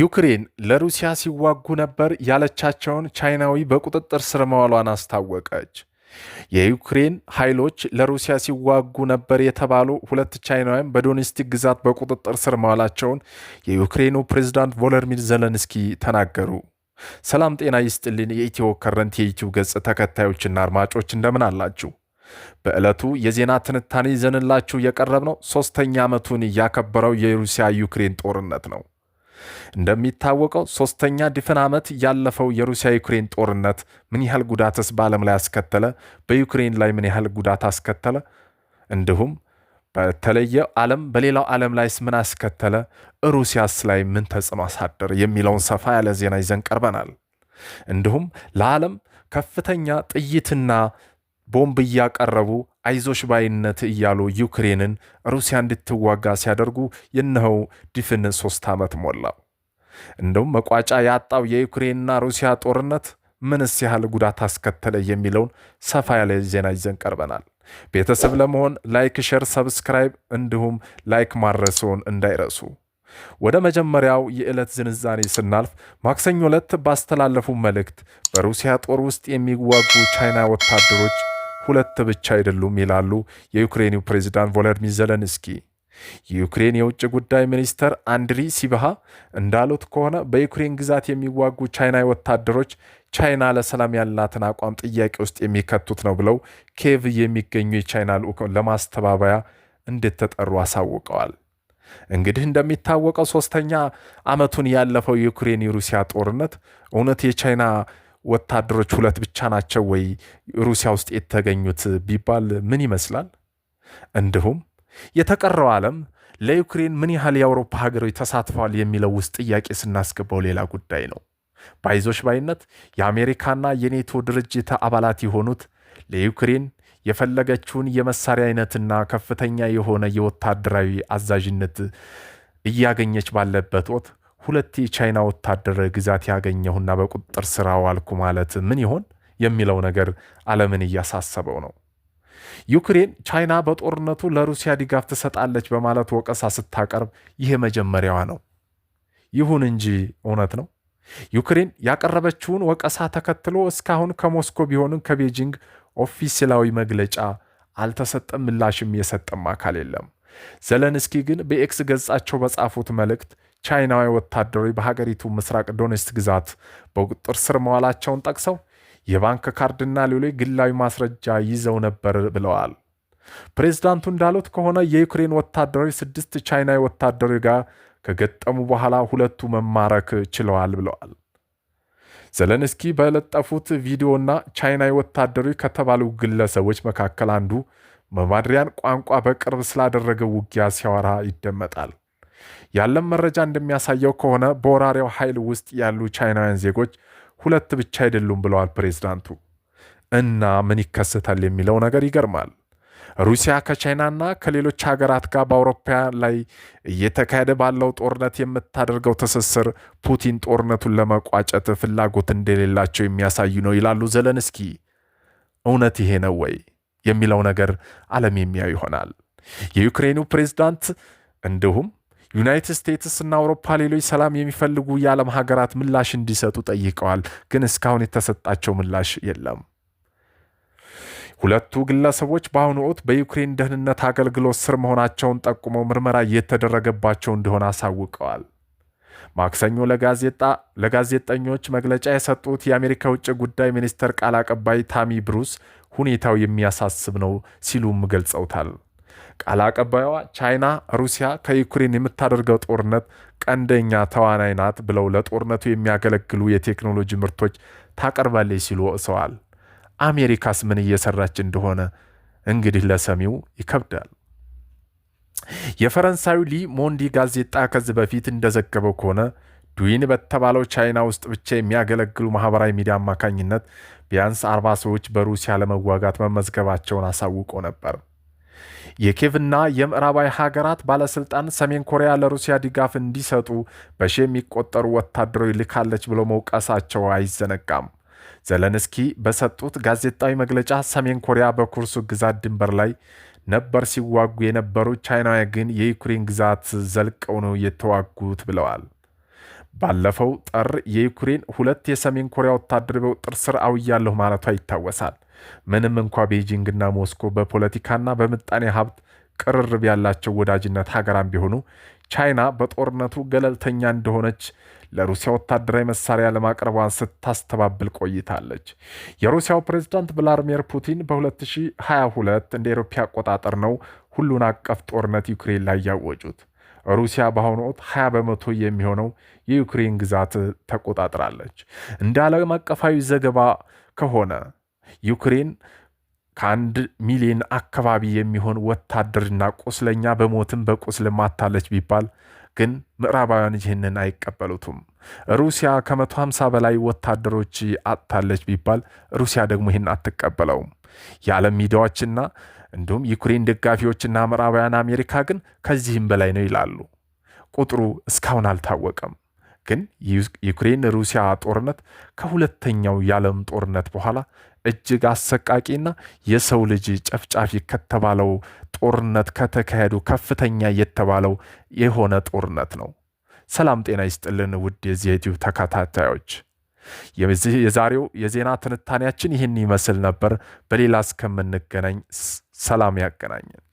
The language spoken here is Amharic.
ዩክሬን ለሩሲያ ሲዋጉ ነበር ያለቻቸውን ቻይናዊ በቁጥጥር ስር መዋሏን አስታወቀች። የዩክሬን ኃይሎች ለሩሲያ ሲዋጉ ነበር የተባሉ ሁለት ቻይናውያን በዶኔስቲክ ግዛት በቁጥጥር ስር መዋላቸውን የዩክሬኑ ፕሬዝዳንት ቮሎዲሚር ዘለንስኪ ተናገሩ። ሰላም ጤና ይስጥልን። የኢትዮ ከረንት የዩቲዩብ ገጽ ተከታዮችና አድማጮች እንደምን አላችሁ? በዕለቱ የዜና ትንታኔ ይዘንላችሁ የቀረብነው ሶስተኛ ዓመቱን ያከበረው የሩሲያ ዩክሬን ጦርነት ነው። እንደሚታወቀው ሶስተኛ ድፍን ዓመት ያለፈው የሩሲያ ዩክሬን ጦርነት ምን ያህል ጉዳትስ በዓለም ላይ አስከተለ? በዩክሬን ላይ ምን ያህል ጉዳት አስከተለ? እንዲሁም በተለየ ዓለም በሌላው ዓለም ላይስ ምን አስከተለ? ሩሲያስ ላይ ምን ተጽዕኖ አሳደር? የሚለውን ሰፋ ያለ ዜና ይዘን ቀርበናል። እንዲሁም ለዓለም ከፍተኛ ጥይትና ቦምብ እያቀረቡ አይዞሽ ባይነት እያሉ ዩክሬንን ሩሲያ እንድትዋጋ ሲያደርጉ የነኸው ድፍን ሶስት ዓመት ሞላው። እንደውም መቋጫ ያጣው የዩክሬንና ሩሲያ ጦርነት ምንስ ያህል ጉዳት አስከተለ የሚለውን ሰፋ ያለ ዜና ይዘን ቀርበናል። ቤተሰብ ለመሆን ላይክ፣ ሸር፣ ሰብስክራይብ እንዲሁም ላይክ ማድረስዎን እንዳይረሱ። ወደ መጀመሪያው የዕለት ዝንዛኔ ስናልፍ ማክሰኞ ዕለት ባስተላለፉ መልእክት በሩሲያ ጦር ውስጥ የሚዋጉ ቻይና ወታደሮች ሁለት ብቻ አይደሉም ይላሉ የዩክሬኑ ፕሬዚዳንት ቮለድሚር ዘለንስኪ። የዩክሬን የውጭ ጉዳይ ሚኒስተር አንድሪ ሲብሃ እንዳሉት ከሆነ በዩክሬን ግዛት የሚዋጉ ቻይናዊ ወታደሮች ቻይና ለሰላም ያላትን አቋም ጥያቄ ውስጥ የሚከቱት ነው ብለው ኬቭ የሚገኙ የቻይና ልዑካን ለማስተባበያ እንደተጠሩ አሳውቀዋል። እንግዲህ እንደሚታወቀው ሶስተኛ ዓመቱን ያለፈው የዩክሬን የሩሲያ ጦርነት እውነት የቻይና ወታደሮች ሁለት ብቻ ናቸው ወይ ሩሲያ ውስጥ የተገኙት ቢባል ምን ይመስላል? እንዲሁም የተቀረው ዓለም ለዩክሬን ምን ያህል የአውሮፓ ሀገሮች ተሳትፈዋል የሚለው ውስጥ ጥያቄ ስናስገባው ሌላ ጉዳይ ነው። ባይዞች ባይነት የአሜሪካና የኔቶ ድርጅት አባላት የሆኑት ለዩክሬን የፈለገችውን የመሳሪያ አይነትና ከፍተኛ የሆነ የወታደራዊ አዛዥነት እያገኘች ባለበት ወቅት ሁለት የቻይና ወታደር ግዛት ያገኘሁና በቁጥጥር ስር አዋልኩ ማለት ምን ይሆን የሚለው ነገር ዓለምን እያሳሰበው ነው። ዩክሬን ቻይና በጦርነቱ ለሩሲያ ድጋፍ ትሰጣለች በማለት ወቀሳ ስታቀርብ ይሄ መጀመሪያዋ ነው። ይሁን እንጂ እውነት ነው። ዩክሬን ያቀረበችውን ወቀሳ ተከትሎ እስካሁን ከሞስኮ ቢሆንም ከቤጂንግ ኦፊሴላዊ መግለጫ አልተሰጠም፣ ምላሽም የሰጠም አካል የለም። ዘለንስኪ ግን በኤክስ ገጻቸው በጻፉት መልእክት ቻይናዊ ወታደሮች በሀገሪቱ ምስራቅ ዶኔስት ግዛት በቁጥጥር ስር መዋላቸውን ጠቅሰው የባንክ ካርድና ሌሎች ግላዊ ማስረጃ ይዘው ነበር ብለዋል። ፕሬዝዳንቱ እንዳሉት ከሆነ የዩክሬን ወታደሮች ስድስት ቻይናዊ ወታደሮች ጋር ከገጠሙ በኋላ ሁለቱ መማረክ ችለዋል ብለዋል። ዘለንስኪ በለጠፉት ቪዲዮና ቻይናዊ ወታደሮች ከተባሉ ግለሰቦች መካከል አንዱ በማድሪያን ቋንቋ በቅርብ ስላደረገው ውጊያ ሲያወራ ይደመጣል። ያለም መረጃ እንደሚያሳየው ከሆነ በወራሪያው ኃይል ውስጥ ያሉ ቻይናውያን ዜጎች ሁለት ብቻ አይደሉም ብለዋል ፕሬዝዳንቱ። እና ምን ይከሰታል የሚለው ነገር ይገርማል። ሩሲያ ከቻይናና ከሌሎች ሀገራት ጋር በአውሮፓ ላይ እየተካሄደ ባለው ጦርነት የምታደርገው ትስስር ፑቲን ጦርነቱን ለመቋጨት ፍላጎት እንደሌላቸው የሚያሳዩ ነው ይላሉ ዘለንስኪ። እውነት ይሄ ነው ወይ የሚለው ነገር ዓለም የሚያው ይሆናል። የዩክሬኑ ፕሬዝዳንት እንዲሁም ዩናይትድ ስቴትስ እና አውሮፓ ሌሎች ሰላም የሚፈልጉ የዓለም ሀገራት ምላሽ እንዲሰጡ ጠይቀዋል። ግን እስካሁን የተሰጣቸው ምላሽ የለም። ሁለቱ ግለሰቦች በአሁኑ ወቅት በዩክሬን ደህንነት አገልግሎት ስር መሆናቸውን ጠቁመው ምርመራ እየተደረገባቸው እንደሆነ አሳውቀዋል። ማክሰኞ ለጋዜጠኞች መግለጫ የሰጡት የአሜሪካ ውጭ ጉዳይ ሚኒስቴር ቃል አቀባይ ታሚ ብሩስ ሁኔታው የሚያሳስብ ነው ሲሉም ገልጸውታል። ቃል አቀባይዋ ቻይና ሩሲያ ከዩክሬን የምታደርገው ጦርነት ቀንደኛ ተዋናይ ናት ብለው ለጦርነቱ የሚያገለግሉ የቴክኖሎጂ ምርቶች ታቀርባለች ሲሉ ወቅሰዋል። አሜሪካስ ምን እየሰራች እንደሆነ እንግዲህ ለሰሚው ይከብዳል። የፈረንሳዩ ሊ ሞንዲ ጋዜጣ ከዚህ በፊት እንደዘገበው ከሆነ ዱዊን በተባለው ቻይና ውስጥ ብቻ የሚያገለግሉ ማህበራዊ ሚዲያ አማካኝነት ቢያንስ አርባ ሰዎች በሩሲያ ለመዋጋት መመዝገባቸውን አሳውቆ ነበር። የኬቭና የምዕራባዊ ሀገራት ባለስልጣን ሰሜን ኮሪያ ለሩሲያ ድጋፍ እንዲሰጡ በሺ የሚቆጠሩ ወታደሮች ልካለች ብሎ መውቀሳቸው አይዘነጋም። ዘለንስኪ በሰጡት ጋዜጣዊ መግለጫ ሰሜን ኮሪያ በኩርሱ ግዛት ድንበር ላይ ነበር ሲዋጉ የነበሩ፣ ቻይና ግን የዩክሬን ግዛት ዘልቀው ነው የተዋጉት ብለዋል። ባለፈው ጥር የዩክሬን ሁለት የሰሜን ኮሪያ ወታደር በቁጥጥር ስር አውያለሁ ማለቷ ይታወሳል። ምንም እንኳ ቤጂንግና ሞስኮ በፖለቲካና በምጣኔ ሀብት ቅርርብ ያላቸው ወዳጅነት ሀገራም ቢሆኑ ቻይና በጦርነቱ ገለልተኛ እንደሆነች ለሩሲያ ወታደራዊ መሳሪያ ለማቅረቧን ስታስተባብል ቆይታለች። የሩሲያው ፕሬዝዳንት ቭላዲሚር ፑቲን በ2022 እንደ አውሮፓ አቆጣጠር ነው ሁሉን አቀፍ ጦርነት ዩክሬን ላይ ያወጩት። ሩሲያ በአሁኑ ወቅት 20 በመቶ የሚሆነው የዩክሬን ግዛት ተቆጣጥራለች። እንደ ዓለም አቀፋዊ ዘገባ ከሆነ ዩክሬን ከአንድ ሚሊዮን አካባቢ የሚሆን ወታደርና ቁስለኛ በሞትም በቁስል ማታለች ቢባል ግን ምዕራባውያን ይህንን አይቀበሉትም። ሩሲያ ከመቶ ሃምሳ በላይ ወታደሮች አጥታለች ቢባል ሩሲያ ደግሞ ይህን አትቀበለውም። የዓለም ሚዲያዎችና እንዲሁም ዩክሬን ደጋፊዎችና ምዕራባውያን አሜሪካ ግን ከዚህም በላይ ነው ይላሉ። ቁጥሩ እስካሁን አልታወቀም። ግን የዩክሬን ሩሲያ ጦርነት ከሁለተኛው የዓለም ጦርነት በኋላ እጅግ አሰቃቂና የሰው ልጅ ጨፍጫፊ ከተባለው ጦርነት ከተካሄዱ ከፍተኛ የተባለው የሆነ ጦርነት ነው። ሰላም ጤና ይስጥልን ውድ የዚህ ዩቲዩብ ተከታታዮች የዛሬው የዜና ትንታኔያችን ይህን ይመስል ነበር። በሌላ እስከምንገናኝ ሰላም ያገናኘን።